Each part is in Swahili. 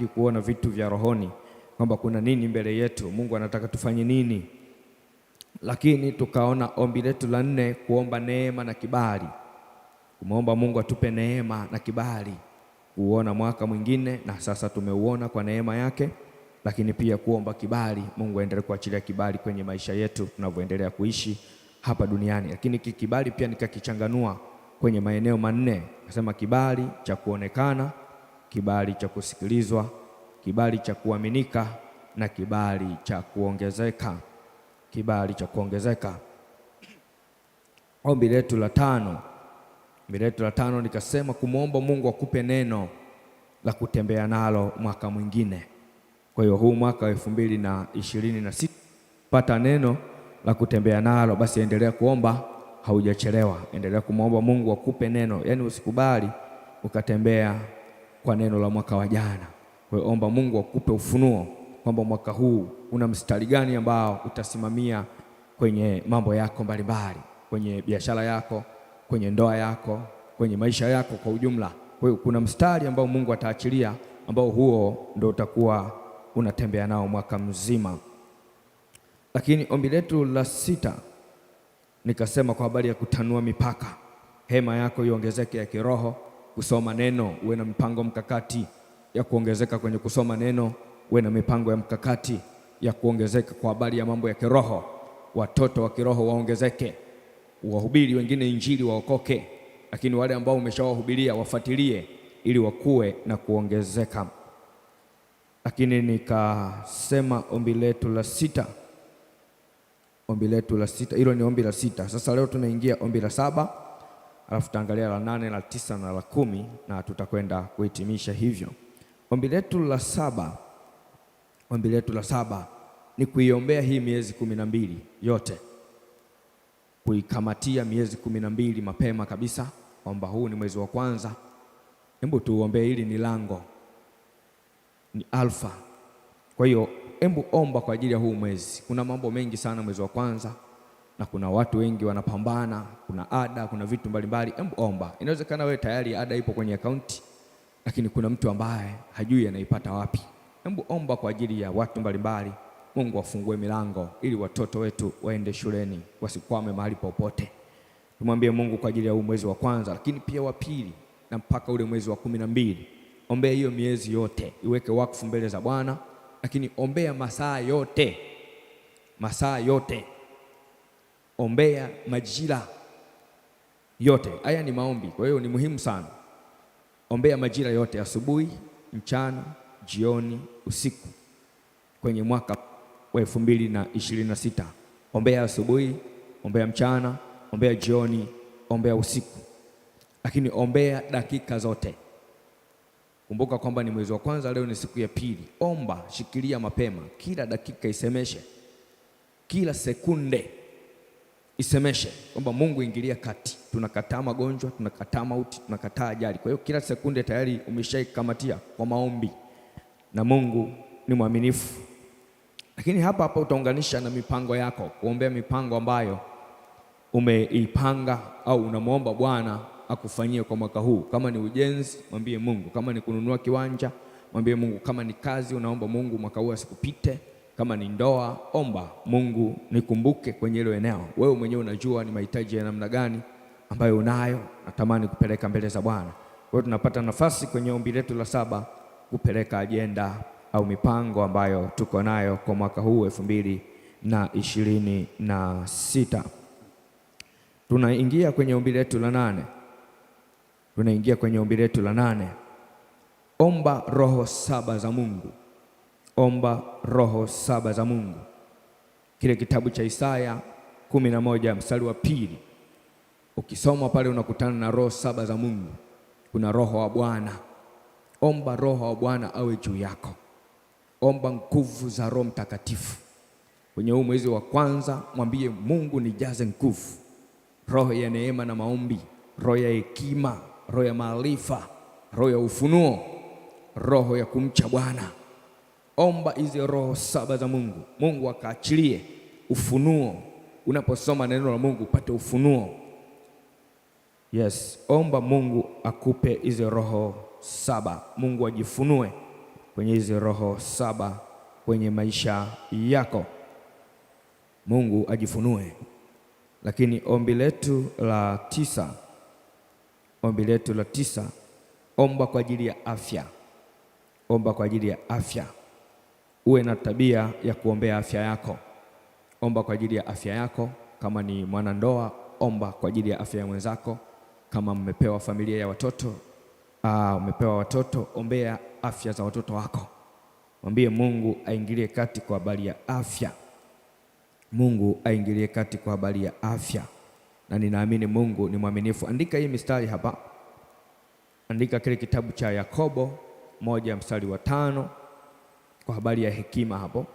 hatutaki kuona vitu vya rohoni, kwamba kuna nini mbele yetu, Mungu anataka tufanye nini. Lakini tukaona ombi letu la nne, kuomba neema na kibali, kumwomba Mungu atupe neema na kibali kuona mwaka mwingine, na sasa tumeuona kwa neema yake, lakini pia kuomba kibali, Mungu aendelee kuachilia kibali kwenye maisha yetu tunavyoendelea kuishi hapa duniani. Lakini kikibali pia nikakichanganua kwenye maeneo manne, nasema kibali cha kuonekana kibali cha kusikilizwa, kibali cha kuaminika na kibali cha kuongezeka, kibali cha kuongezeka. Ombi letu la tano, ombi letu la tano nikasema kumwomba Mungu akupe neno la kutembea nalo mwaka mwingine. Kwa hiyo huu mwaka wa elfu mbili na ishirini na sita pata neno la kutembea nalo. Basi endelea kuomba, haujachelewa. Endelea kumwomba Mungu akupe neno, yaani usikubali ukatembea kwa neno la mwaka wa jana. Wewe omba Mungu akupe ufunuo kwamba mwaka huu una mstari gani ambao utasimamia kwenye mambo yako mbalimbali, kwenye biashara yako, kwenye ndoa yako, kwenye maisha yako kwa ujumla. Kwa hiyo kuna mstari ambao Mungu ataachilia ambao huo ndo utakuwa unatembea nao mwaka mzima. Lakini ombi letu la sita nikasema kwa habari ya kutanua mipaka, hema yako iongezeke ya kiroho kusoma neno, uwe na mipango mkakati ya kuongezeka kwenye kusoma neno, uwe na mipango ya mkakati ya kuongezeka kwa habari ya mambo ya kiroho, watoto wa kiroho waongezeke, wahubiri wengine injili waokoke, lakini wale ambao umeshawahubiria wafuatilie ili wakue na kuongezeka. Lakini nikasema ombi letu la sita, ombi letu la sita, hilo ni ombi la sita. Sasa leo tunaingia ombi la saba alafu tutaangalia la nane, la tisa na la kumi na tutakwenda kuhitimisha hivyo. Ombi letu la saba, ombi letu la saba ni kuiombea hii miezi kumi na mbili yote, kuikamatia miezi kumi na mbili mapema kabisa, kwamba huu ni mwezi wa kwanza, hebu tuombee, hili ni lango, ni alfa. Kwa hiyo hebu omba kwa ajili ya huu mwezi. Kuna mambo mengi sana mwezi wa kwanza na kuna watu wengi wanapambana, kuna ada, kuna vitu mbalimbali. Hebu omba. Inawezekana wewe tayari ada ipo kwenye akaunti, lakini kuna mtu ambaye hajui anaipata wapi. Hebu omba kwa ajili ya watu mbalimbali, Mungu afungue milango ili watoto wetu waende shuleni, wasikwame mahali popote. Tumwambie Mungu kwa ajili ya huu mwezi wa kwanza, lakini pia wa pili na mpaka ule mwezi wa kumi na mbili. Ombea hiyo miezi yote, iweke wakfu mbele za Bwana, lakini ombea masaa yote, masaa yote ombea majira yote. Haya ni maombi, kwa hiyo ni muhimu sana. Ombea majira yote, asubuhi, mchana, jioni, usiku, kwenye mwaka wa sita Ombea asubuhi, ombea mchana, ombea jioni, ombea usiku, lakini ombea dakika zote. Kumbuka kwamba ni mwezi wa kwanza, leo ni siku ya pili. Omba, shikilia mapema, kila dakika isemeshe, kila sekunde isemeshe kwamba Mungu ingilia kati. Tunakataa magonjwa, tunakataa mauti, tunakataa ajali. Kwa hiyo kila sekunde tayari umeshaikamatia kwa maombi, na Mungu ni mwaminifu. Lakini hapa hapa utaunganisha na mipango yako, kuombea mipango ambayo umeipanga au unamwomba Bwana akufanyie kwa mwaka huu. Kama ni ujenzi, mwambie Mungu. Kama ni kununua kiwanja, mwambie Mungu. Kama ni kazi, unaomba Mungu mwaka huu asikupite kama ni ndoa, omba Mungu, nikumbuke kwenye hilo eneo. Wewe mwenyewe unajua ni mahitaji ya namna gani ambayo unayo, natamani kupeleka mbele za Bwana. Kwa hiyo tunapata nafasi kwenye ombi letu la saba kupeleka ajenda au mipango ambayo tuko nayo kwa mwaka huu elfu mbili na ishirini na sita. Tunaingia kwenye ombi letu la nane, tunaingia kwenye ombi letu la nane. Omba roho saba za Mungu omba roho saba za Mungu, kile kitabu cha Isaya kumi na moja mstari wa pili. Ukisoma pale unakutana na roho saba za Mungu. Kuna roho wa Bwana, omba roho wa Bwana awe juu yako, omba nguvu za Roho Mtakatifu kwenye huu mwezi wa kwanza. Mwambie Mungu, nijaze nguvu, roho ya neema na maombi, roho ya hekima, roho ya maarifa, roho ya ufunuo, roho ya kumcha Bwana omba hizi roho saba za Mungu, Mungu akaachilie ufunuo. Unaposoma neno la Mungu upate ufunuo. Yes, omba Mungu akupe hizi roho saba, Mungu ajifunue kwenye hizi roho saba kwenye maisha yako, Mungu ajifunue. Lakini ombi letu la tisa, ombi letu la tisa, omba kwa ajili ya afya, omba kwa ajili ya afya uwe na tabia ya kuombea afya yako. Omba kwa ajili ya afya yako. Kama ni mwanandoa, omba kwa ajili ya afya ya mwenzako. Kama mmepewa familia ya watoto, aa, umepewa watoto, ombea afya za watoto wako. Mwambie Mungu aingilie kati kwa habari ya afya. Mungu aingilie kati kwa habari ya afya, na ninaamini Mungu ni mwaminifu. Andika hii mistari hapa, andika kile kitabu cha Yakobo moja mstari wa tano kwa habari ya hekima hapo,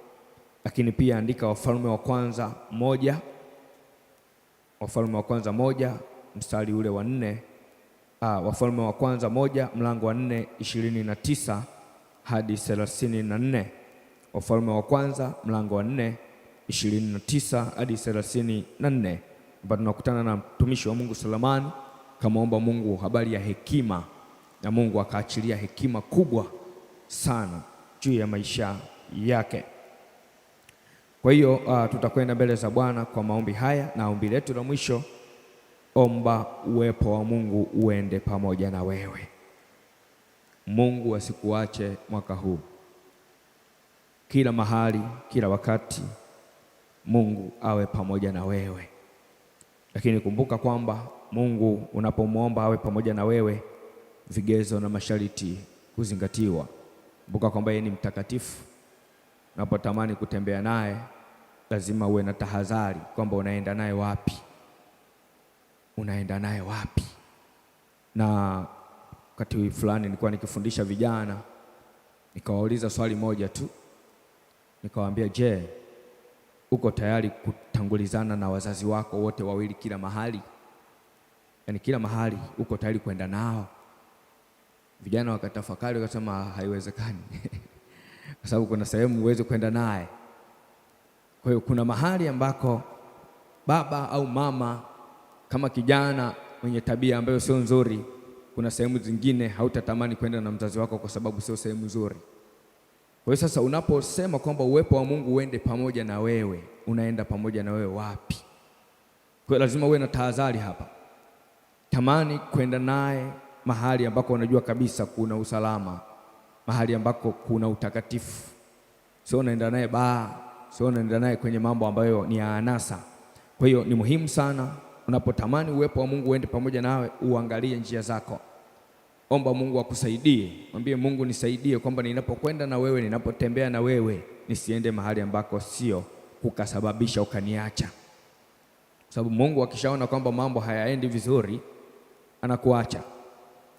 lakini pia andika Wafalme wa kwanza moja, Wafalme wa kwanza moja mstari ule wa nne, ah, Wafalme wa kwanza moja mlango wa nne ishirini na tisa hadi thelathini na nne Wafalme wa kwanza mlango wa nne ishirini na tisa hadi thelathini na nne ambapo tunakutana na mtumishi wa Mungu Sulemani kamaomba Mungu habari ya hekima na Mungu akaachilia hekima kubwa sana juu ya maisha yake. Kwa hiyo uh, tutakwenda mbele za Bwana kwa maombi haya, na ombi letu la mwisho, omba uwepo wa Mungu uende pamoja na wewe. Mungu asikuache mwaka huu, kila mahali, kila wakati, Mungu awe pamoja na wewe. Lakini kumbuka kwamba Mungu unapomwomba awe pamoja na wewe, vigezo na masharti kuzingatiwa. Kumbuka kwamba yeye ni mtakatifu. Unapotamani kutembea naye, lazima uwe na tahadhari kwamba unaenda naye wapi, unaenda naye wapi. Na wakati fulani nilikuwa nikifundisha vijana, nikawauliza swali moja tu, nikawaambia, je, uko tayari kutangulizana na wazazi wako wote wawili kila mahali? Yaani kila mahali uko tayari kwenda nao? Vijana wakatafakari wakasema, haiwezekani kwa sababu kuna sehemu huwezi kwenda naye. Kwa hiyo kuna mahali ambako baba au mama kama kijana mwenye tabia ambayo sio nzuri, kuna sehemu zingine hautatamani kwenda na mzazi wako kwa sababu sio sehemu nzuri. Kwa hiyo sasa, unaposema kwamba uwepo wa Mungu uende pamoja na wewe, unaenda pamoja na wewe wapi? Kwa hiyo lazima uwe na tahadhari hapa, tamani kwenda naye mahali ambako unajua kabisa kuna usalama, mahali ambako kuna utakatifu. Sio unaenda naye baa, sio unaenda naye kwenye mambo ambayo ni ya anasa. Kwa hiyo ni muhimu sana unapotamani uwepo wa Mungu uende pamoja nawe, uangalie njia zako, omba Mungu akusaidie, mwambie Mungu nisaidie, kwamba ninapokwenda na wewe, ninapotembea na wewe, nisiende mahali ambako sio, ukasababisha ukaniacha. Sababu Mungu akishaona kwamba mambo hayaendi vizuri, anakuacha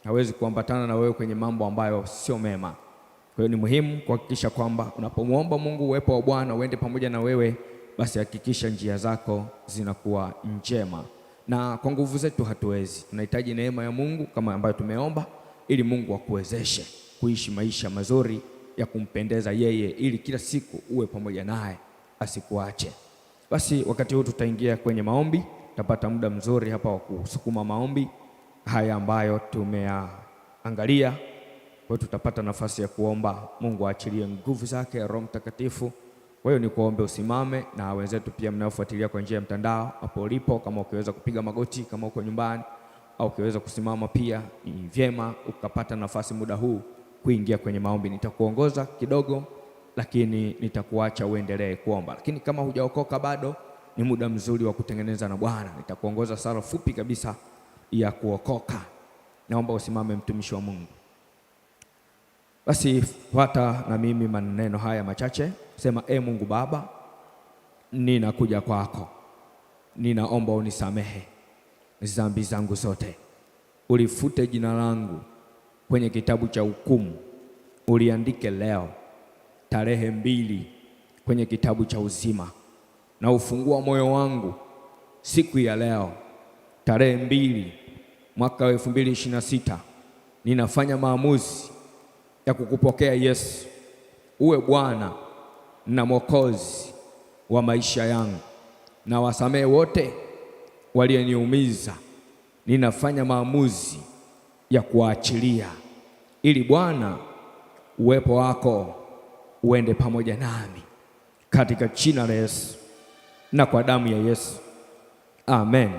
hawezi kuambatana na wewe kwenye mambo ambayo sio mema. Kwa hiyo ni muhimu kuhakikisha kwamba unapomwomba Mungu uwepo wa Bwana uende pamoja na wewe, basi hakikisha njia zako zinakuwa njema, na kwa nguvu zetu hatuwezi, tunahitaji neema ya Mungu kama ambayo tumeomba, ili Mungu akuwezeshe kuishi maisha mazuri ya kumpendeza yeye, ili kila siku uwe pamoja naye asikuache. Basi wakati huu tutaingia kwenye maombi, tutapata muda mzuri hapa wa kusukuma maombi haya ambayo tumeyaangalia. Kwa hiyo tutapata nafasi ya kuomba Mungu aachilie nguvu zake, Roho Mtakatifu. Kwa hiyo nikuombe usimame, na wenzetu pia mnaofuatilia kwa njia ya mtandao hapo ulipo, kama ukiweza kupiga magoti, kama uko nyumbani au ukiweza kusimama pia, ni vyema ukapata nafasi muda huu kuingia kwenye maombi. Nitakuongoza kidogo, lakini nitakuacha uendelee kuomba. Lakini kama hujaokoka bado, ni muda mzuri wa kutengeneza na Bwana. Nitakuongoza sala fupi kabisa ya kuokoka. Naomba usimame mtumishi wa Mungu. Basi fuata na mimi maneno haya machache, sema: E Mungu Baba, ninakuja kwako, ninaomba unisamehe dhambi zangu zote, ulifute jina langu kwenye kitabu cha hukumu, uliandike leo tarehe mbili kwenye kitabu cha uzima, na ufungua moyo wangu siku ya leo tarehe mbili mwaka wa sita ninafanya maamuzi ya kukupokea Yesu uwe Bwana na Mwokozi wa maisha yangu, na wasamehe wote walioniumiza. Ninafanya maamuzi ya kuachilia, ili Bwana uwepo wako uende pamoja nami katika jina la Yesu na kwa damu ya Yesu, amen.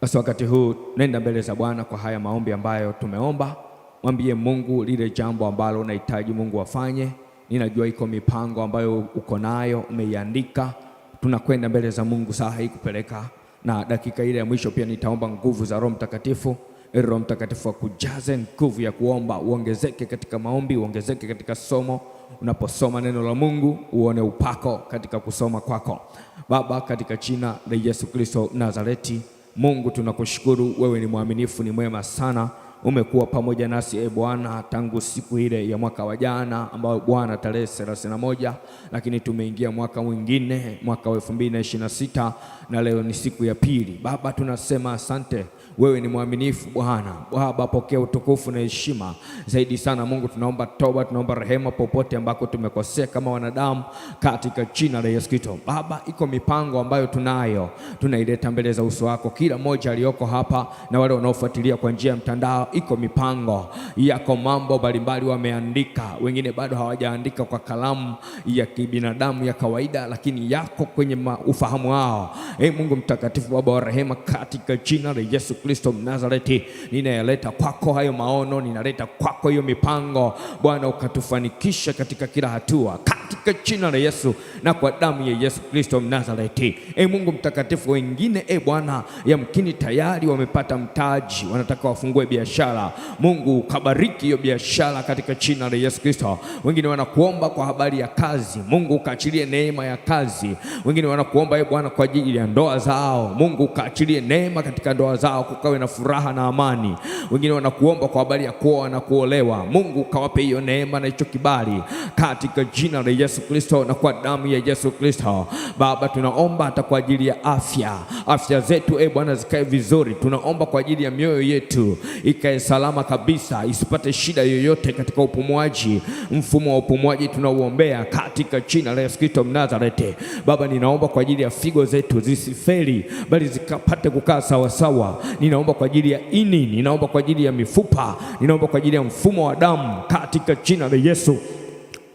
Basi wakati huu nenda mbele za Bwana kwa haya maombi ambayo tumeomba. Mwambie Mungu lile jambo ambalo unahitaji Mungu afanye. Ninajua iko mipango ambayo uko nayo, umeiandika. Tunakwenda mbele za Mungu saa hii kupeleka na dakika ile ya mwisho. Pia nitaomba nguvu za Roho Mtakatifu, ili Roho Mtakatifu akujaze nguvu ya kuomba, uongezeke katika maombi, uongezeke katika somo unaposoma neno la Mungu uone upako katika kusoma kwako. Baba, katika jina la Yesu Kristo Nazareti Mungu tunakushukuru, wewe ni mwaminifu, ni mwema sana umekuwa pamoja nasi e Bwana tangu siku ile ya mwaka wa jana ambao Bwana tarehe thelathini na moja, lakini tumeingia mwaka mwingine mwaka wa elfu mbili na ishirini na sita na leo ni siku ya pili. Baba, tunasema asante wewe ni mwaminifu Bwana. Baba, pokea utukufu na heshima zaidi sana. Mungu, tunaomba toba, tunaomba rehema popote ambako tumekosea kama wanadamu, katika jina la Yesu Kristo. Baba, iko mipango ambayo tunayo, tunaileta mbele za uso wako, kila mmoja aliyoko hapa na wale wanaofuatilia kwa njia ya mtandao iko mipango, yako mambo mbalimbali wameandika, wengine bado hawajaandika kwa kalamu ya kibinadamu ya kawaida, lakini yako kwenye ufahamu wao. E Mungu mtakatifu, Baba wa rehema, katika jina la Yesu Kristo Mnazareti, ninayaleta kwako hayo maono, ninaleta kwako hiyo mipango Bwana, ukatufanikisha katika kila hatua katika jina la Yesu na kwa damu ya Yesu Kristo Mnazareti. E Mungu mtakatifu, wengine e Bwana, yamkini tayari wamepata mtaji, wanataka wafungue biashara biashara. Mungu kabariki hiyo biashara katika jina la Yesu Kristo. Wengine wanakuomba kwa habari ya kazi, Mungu kaachilie neema ya kazi. Wengine wanakuomba e Bwana kwa ajili ya ndoa zao, Mungu kaachilie neema katika ndoa zao, kukawe na furaha na amani. Wengine wanakuomba kwa habari ya kuoa na kuolewa, Mungu kawape hiyo neema na hicho kibali katika jina la Yesu Kristo na kwa damu ya Yesu Kristo. Baba, tunaomba hata kwa ajili ya afya, afya zetu e Bwana zikae vizuri. Tunaomba kwa ajili ya mioyo yetu ika ikae salama kabisa, isipate shida yoyote katika upumuaji. Mfumo wa upumuaji tunauombea katika jina la Yesu Kristo Mnazareti. Baba, ninaomba kwa ajili ya figo zetu zisifeli, bali zikapate kukaa sawasawa. Ninaomba kwa ajili ya ini, ninaomba kwa ajili ya mifupa, ninaomba kwa ajili ya mfumo wa damu katika jina la Yesu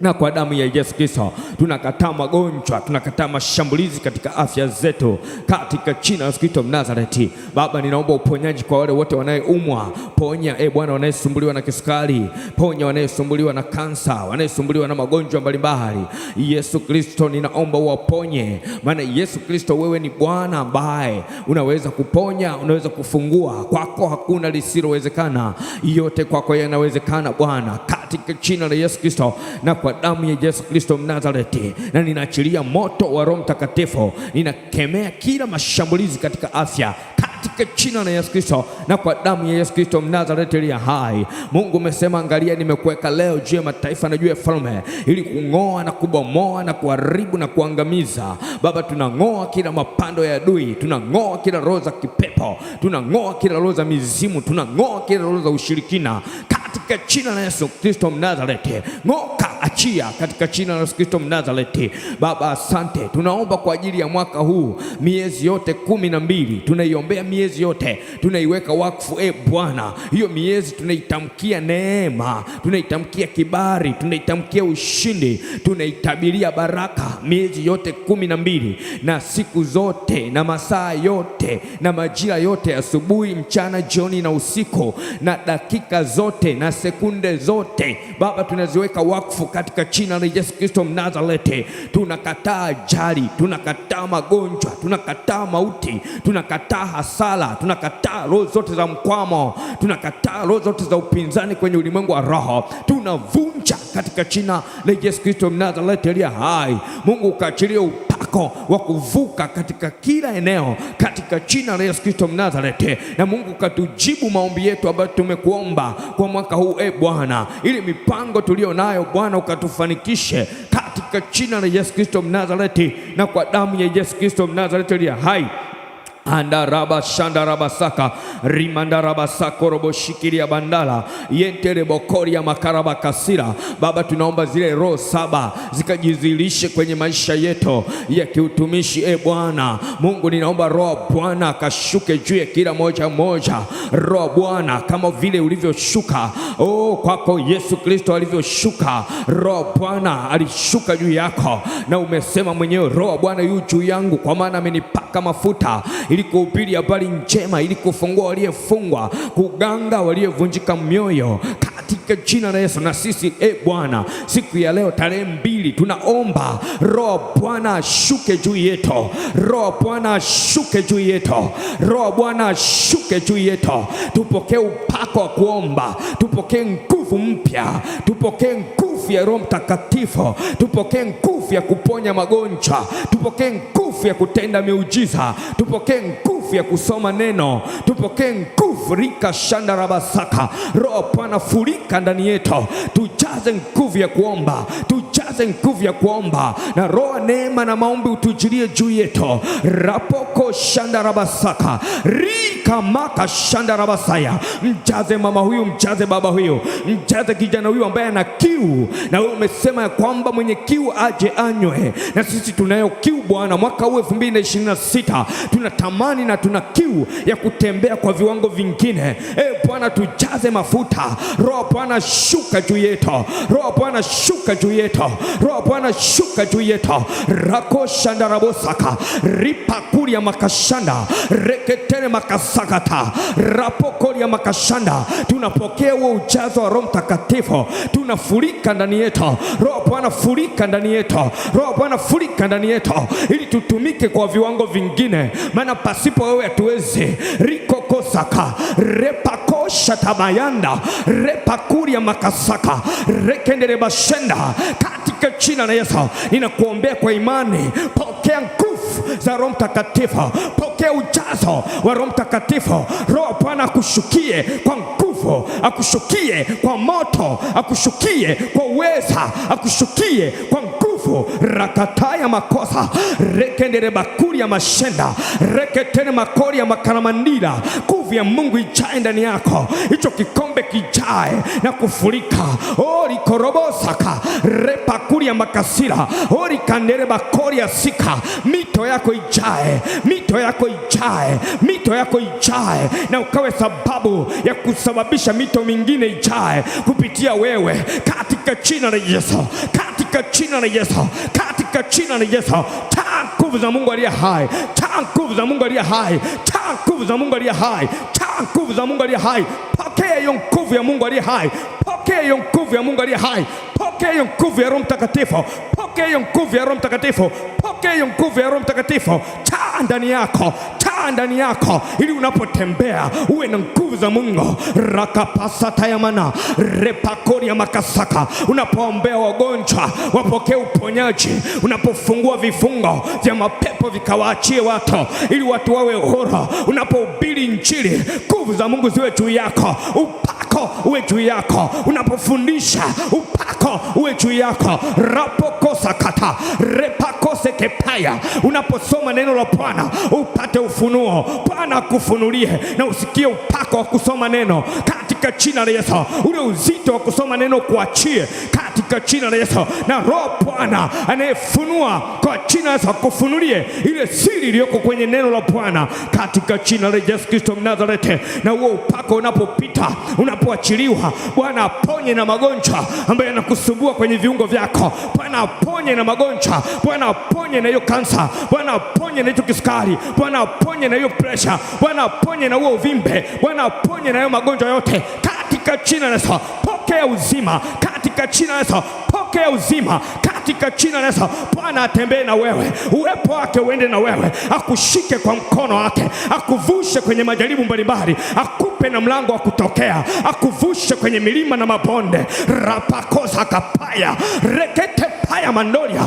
na kwa damu ya Yesu Kristo tunakataa magonjwa, tunakataa mashambulizi katika afya zetu, katika jina la Kristo Mnazareti. Baba, ninaomba uponyaji kwa wale wote wanayeumwa. Ponya e Bwana, wanayesumbuliwa na kisukari, ponya wanayesumbuliwa na kansa, wanayesumbuliwa na magonjwa mbalimbali. Yesu Kristo, ninaomba uwaponye, maana Yesu Kristo, wewe ni Bwana ambaye unaweza kuponya, unaweza kufungua. Kwako hakuna lisilowezekana, yote kwako yanawezekana Bwana, katika jina la Yesu Kristo na kwa damu ya Yesu Kristo Mnazareti, na ninaachilia moto wa Roho Mtakatifu. Ninakemea kila mashambulizi katika afya katika jina la Yesu Kristo na kwa damu ya Yesu Kristo Mnazareti aliye hai. Mungu umesema, angalia, nimekuweka leo juu ya mataifa na juu ya falme, ili kung'oa na kubomoa na kuharibu na kuangamiza. Baba, tunang'oa kila mapando ya adui, tunang'oa kila roho za kipepo, tunang'oa kila roho za mizimu, tunang'oa kila roho za ushirikina katika katika jina la Yesu Kristo Mnazareti, ng'oka achia katika jina la Yesu Kristo Mnazareti. Baba asante, tunaomba kwa ajili ya mwaka huu, miezi yote kumi na mbili tunaiombea miezi yote, tunaiweka wakfu. E Bwana, hiyo miezi tunaitamkia neema, tunaitamkia kibali, tunaitamkia ushindi, tunaitabiria baraka miezi yote kumi na mbili na siku zote na masaa yote na majira yote, asubuhi, mchana, jioni na usiku na dakika zote na sekunde zote Baba, tunaziweka wakfu katika jina la Yesu Kristo Mnazareti. Tunakataa ajali, tunakataa magonjwa, tunakataa mauti, tunakataa hasara, tunakataa roho zote za mkwamo, tunakataa roho zote za upinzani kwenye ulimwengu wa roho, tunavunja katika jina la Yesu Kristo Mnazareti aliye hai. Mungu ukaachilie wako wa kuvuka katika kila eneo katika jina la Yesu Kristo Mnazareti. Na Mungu katujibu maombi yetu ambayo tumekuomba kwa mwaka huu, e Bwana, ili mipango tuliyo nayo Bwana ukatufanikishe katika jina la Yesu Kristo Mnazareti, na kwa damu ya Yesu Kristo Mnazareti aliye hai andaraba shandarabasaka ya bandala yenterebokoria makaraba kasira. Baba, tunaomba zile roho saba zikajizilishe kwenye maisha yetu ya kiutumishi. E Bwana Mungu, ninaomba roho Bwana akashuke juu ya kila moja moja, roho Bwana kama vile ulivyoshuka oh, kwako Yesu Kristo alivyoshuka. Roho Bwana alishuka juu yako, na umesema mwenyewe, roho Bwana yu juu yangu, kwa maana amenipaka mafuta ili kuhubiri habari njema, ili kufungua waliyefungwa kuganga waliyevunjika mioyo katika jina la Yesu. Na sisi e Bwana, siku ya leo tarehe mbili, tunaomba roho Bwana ashuke juu yetu, roho Bwana ashuke juu yetu, roho Bwana ashuke juu yetu. Tupokee upako wa kuomba, tupokee nguvu mpya, tupokee nguvu ya Roho Mtakatifu, tupokee nguvu ya kuponya magonjwa, tupokee nguvu ya kutenda miujiza, tupokee nguvu ya kusoma neno, tupokee nguvu rika rabasaka. Roho Bwana, furika ndani yetu, tujaze nguvu ya kuomba tu tujaze nguvu ya kuomba, na roho neema na maombi utujilie juu yetu. rapoko shandarabasaka rika maka shandarabasaya, mjaze mama huyu, mjaze baba huyu, mjaze kijana huyu ambaye ana kiu, na wewe umesema ya kwamba mwenye kiu aje anywe, na sisi tunayo kiu Bwana. Mwaka huu tuna tunatamani na tuna kiu ya kutembea kwa viwango vingine. E Bwana, tujaze mafuta. Roho Bwana, shuka juu yetu. Roho Bwana, shuka juu yetu. Roho Bwana shuka juu yetu rako shanda rabosaka ripakuria makashanda reketere makasakata rapokoria makashanda. Tunapokea huo ujazo wa Roho Mtakatifu, tunafurika ndani yetu. Roho Bwana furika ndani yetu, Roho Bwana furika ndani yetu, ili tutumike kwa viwango vingine, maana pasipo wewe hatuwezi. rikokosaka repakosha tabayanda repakuria makasaka rekendere bashenda kati katika jina la Yesu ninakuombea kwa imani, pokea nguvu za Roho Mtakatifu, pokea ujazo wa Roho Mtakatifu. Roho Bwana akushukie kwa nguvu, akushukie kwa moto, akushukie kwa uweza, akushukie kwa nguvu rakata ya makosa rekendere bakuri ya mashenda reketene makori ya makaramandira nguvu ya Mungu ijae ndani yako, hicho kikombe kijae na kufurika. Oh, likorobosaka repa kuria makasira hori kandere bakoria sika. Mito yako ijae, mito yako ijae, mito yako ijae, na ukawe sababu ya kusababisha mito mingine ijae kupitia wewe, katika china la Yesu, katika china la Yesu, katika china la Yesu. Taa nguvu za Mungu aliye hai, taa nguvu za Mungu aliye hai, taa nguvu za Mungu aliye hai, taa nguvu za Mungu aliye hai. Pokea hiyo nguvu ya Mungu aliye hai, pokea hiyo nguvu ya Mungu aliye hai. Pokea hiyo nguvu ya Roho Mtakatifu, pokea hiyo nguvu ya Roho Mtakatifu, pokea hiyo nguvu ya Roho Mtakatifu. Taa ndani yako, taa ndani yako, ili unapotembea uwe na nguvu za Mungu. rakapasatayamana repakoria makasaka. Unapoombea wagonjwa wapokee uponyaji, unapofungua vifungo vya mapepo vikawaachie watu, ili watu wawe huru. Unapohubiri Injili, nguvu za Mungu ziwe juu yako, upako uwe juu yako. Unapofundisha upako uwe juu yako. rapokosa kata repakose kepaya. Unaposoma neno la Bwana upate ufunuo, Bwana akufunulie na usikie upako wa kusoma neno katika jina la Yesu. Ule uzito wa kusoma neno kuachie katika jina la Yesu, na Roho Bwana anayefunua kwa jina la Yesu akufunulie ile siri iliyoko kwenye neno la Bwana katika jina la Yesu Kristo Mnazareti. Na huo upako unapopita, unapoachiliwa, Bwana aponye na magonjwa ambayo yanaku kusumbua kwenye viungo vyako. Bwana aponye na magonjwa, Bwana aponye na hiyo kansa, Bwana aponye na hicho kisukari, Bwana aponye na hiyo presha, Bwana aponye na huo uvimbe, Bwana aponye na hiyo magonjwa yote katika jina la Yesu. Pokea uzima katika jina la Yesu pokea uzima katika jina la Yesu. Bwana atembee na wewe, uwepo wake uende na wewe, akushike kwa mkono wake, akuvushe kwenye majaribu mbalimbali, akupe na mlango wa kutokea, akuvushe kwenye milima na mabonde. rapakoza kapaya rekete paya mandoria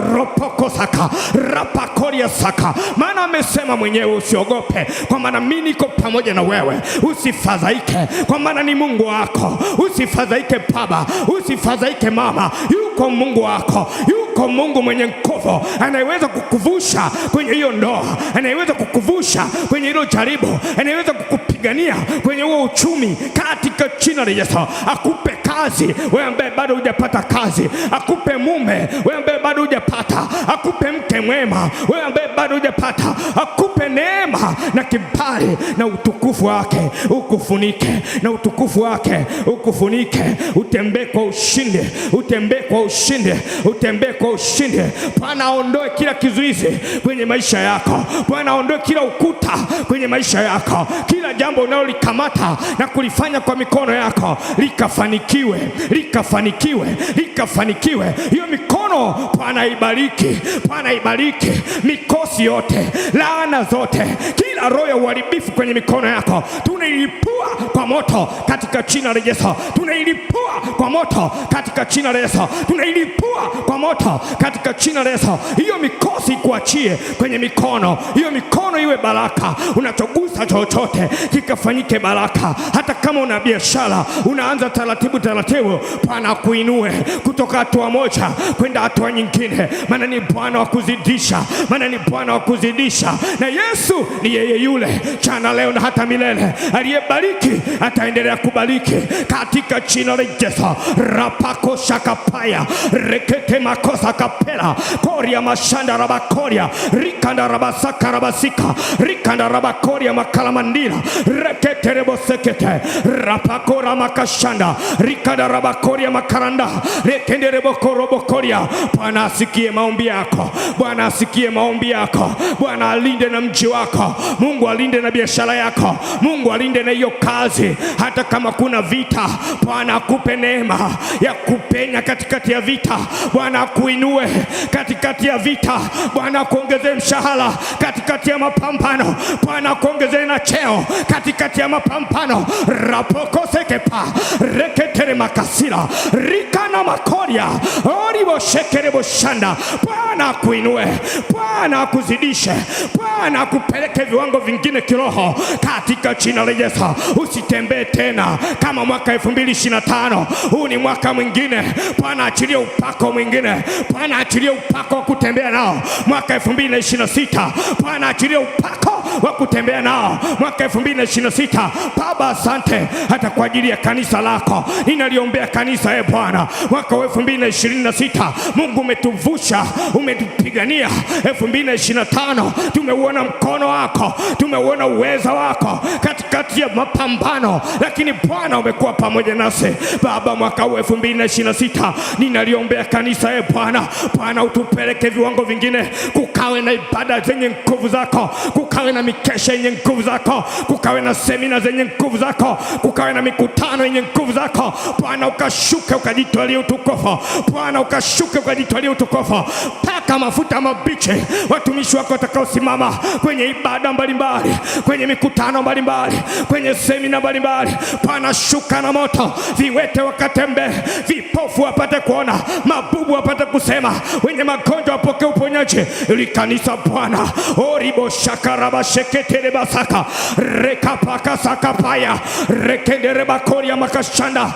ropoko saka rapakoria saka, maana amesema mwenyewe usiogope, kwa maana mimi niko pamoja na wewe, usifadhaike, kwa maana ni Mungu wako. Usifadhaike baba, usifadhaike mama, yuko Mungu wako, yuko Mungu mwenye nguvu anayeweza kukuvusha kwenye hiyo ndoa, anayeweza kukuvusha kwenye hilo jaribu, anayeweza kukupigania kwenye huo uchumi, katika jina la Yesu akupe kazi, wewe ambaye bado hujapata kazi, akupe mume, wewe ambaye bado hujapata, akupe mke mwema, wewe ambaye bado hujapata, akupe neema na kibali na utukufu wake ukufunike, na utukufu wake ukufunike. Utembee kwa ushindi, utembee kwa ushindi, utembee kwa ushindi. Bwana aondoe kila kizuizi kwenye maisha yako, Bwana aondoe kila ukuta kwenye maisha yako, kila jambo unalolikamata na kulifanya kwa mikono yako likafanikiwa likafanikiwe, likafanikiwe, likafanikiwe. Hiyo mikono panaibariki, panaibariki mikosi yote, laana zote, kila roho ya uharibifu kwenye mikono yako tunaipua kwa moto katika jina la Yesu. Tunailipua kwa moto katika jina la Yesu. Tunailipua kwa moto katika jina la Yesu. Hiyo mikosi kuachie kwenye mikono, hiyo mikono iwe baraka. Unachogusa chochote kikafanyike baraka. Hata kama una biashara unaanza taratibu taratibu, Bwana kuinue kutoka hatua moja kwenda hatua nyingine, maana ni Bwana wa kuzidisha, maana ni Bwana wa kuzidisha, na Yesu ni yeye yule jana, leo na hata milele aliyebariki ataendelea kubariki katika jina la Yesu. rapako shakapaya rekete makosa kapela koria mashanda rabakoria rikanda rabasaka rabasika rikanda rabakoria makalamandila rekete sekete rapakora makashanda rikanda rabakoria makaranda rekende koria. Bwana asikie maombi yako, Bwana asikie maombi yako, Bwana alinde na mji wako, Mungu alinde na biashara yako, Mungu alinde na hiyo kazi nafasi, hata kama kuna vita. Bwana akupe neema ya kupenya katikati ya vita. Bwana akuinue katikati ya vita. Bwana akuongezee mshahara katikati ya mapambano. Bwana akuongezee na cheo katikati ya mapambano. rapokosekepa makasira rikana makoria boshanda Bwana akuinue, Bwana akuzidishe, Bwana akupeleke viwango vingine kiroho katika jina la Yesu utembee tena kama mwaka 2025. Huu ni mwaka mwingine, Bwana achilie upako mwingine, Bwana achilie upako wa kutembea nao mwaka 2026. Bwana achilie upako wa kutembea nao mwaka 2026. Baba, asante hata kwa ajili ya kanisa lako, ninaliombea kanisa, e Bwana, mwaka wa 2026. Mungu umetuvusha, umetupigania 2025, tumeuona mkono wako, tumeuona uweza wako katikati ya mapambano tano, lakini Bwana umekuwa pamoja nasi. Baba, mwaka huu elfu mbili na ishirini na sita ninaliombea kanisa e Bwana, Bwana utupeleke viwango vingine, kukawe na ibada zenye nguvu zako, kukawe na mikesha yenye nguvu zako, kukawe na semina zenye nguvu zako, kukawe na mikutano yenye nguvu zako Bwana, ukashuke ukajitwalie utukufu Bwana, ukashuke ukajitwalie utukufu paka mafuta mabichi watumishi wako watakaosimama kwenye ibada mbalimbali, kwenye mikutano mbalimbali, kwenye semina mbalimbali mbalimbali, panashuka na moto, viwete wakatembe vipofu wapate kuona, mabubu wapate kusema, wenye magonjwa wapokee uponyaji, ili kanisa Bwana oriboshakarabasheketerebasaka rekapakasakapaya rekenderebakoria makashanda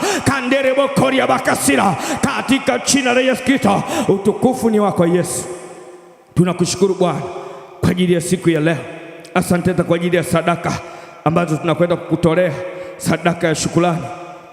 bokoria bakasira, katika jina la Yesu Kristo. Utukufu ni wako Yesu, tunakushukuru Bwana kwa ajili ya siku ya leo. Asanteta kwa ajili ya sadaka ambazo tunakwenda kukutolea sadaka ya shukrani.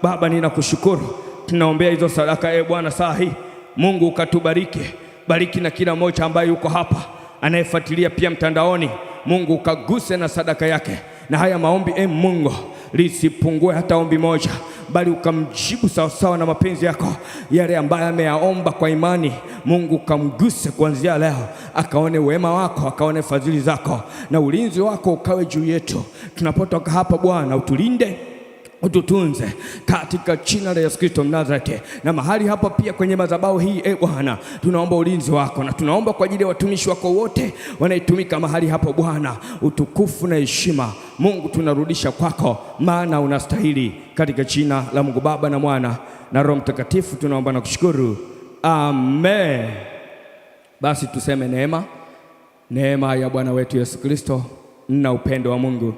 Baba, ninakushukuru, tunaombea hizo sadaka e Bwana saa hii. Mungu ukatubariki, bariki na kila mmoja ambaye yuko hapa anayefuatilia pia mtandaoni. Mungu ukaguse na sadaka yake, na haya maombi e Mungu lisipungue hata ombi moja bali ukamjibu sawasawa na mapenzi yako, yale ambayo ameyaomba kwa imani. Mungu ukamguse kuanzia leo, akaone wema wako, akaone fadhili zako, na ulinzi wako ukawe juu yetu. Tunapotoka hapa Bwana, utulinde ututunze katika jina la Yesu Kristo Mnazareti. Na mahali hapa pia kwenye madhabahu hii, e Bwana, tunaomba ulinzi wako na tunaomba kwa ajili ya watumishi wako wote wanaitumika mahali hapo Bwana, utukufu na heshima Mungu tunarudisha kwako, maana unastahili. Katika jina la Mungu Baba na Mwana na Roho Mtakatifu tunaomba na kushukuru, amen. Basi tuseme neema, neema ya Bwana wetu Yesu Kristo na upendo wa Mungu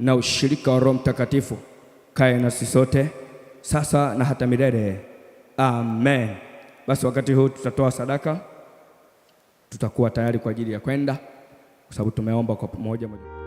na ushirika wa Roho Mtakatifu kae nasi sote sasa na hata milele amen. Basi wakati huu tutatoa sadaka, tutakuwa tayari kwa ajili ya kwenda, kwa sababu tumeomba kwa pamoja.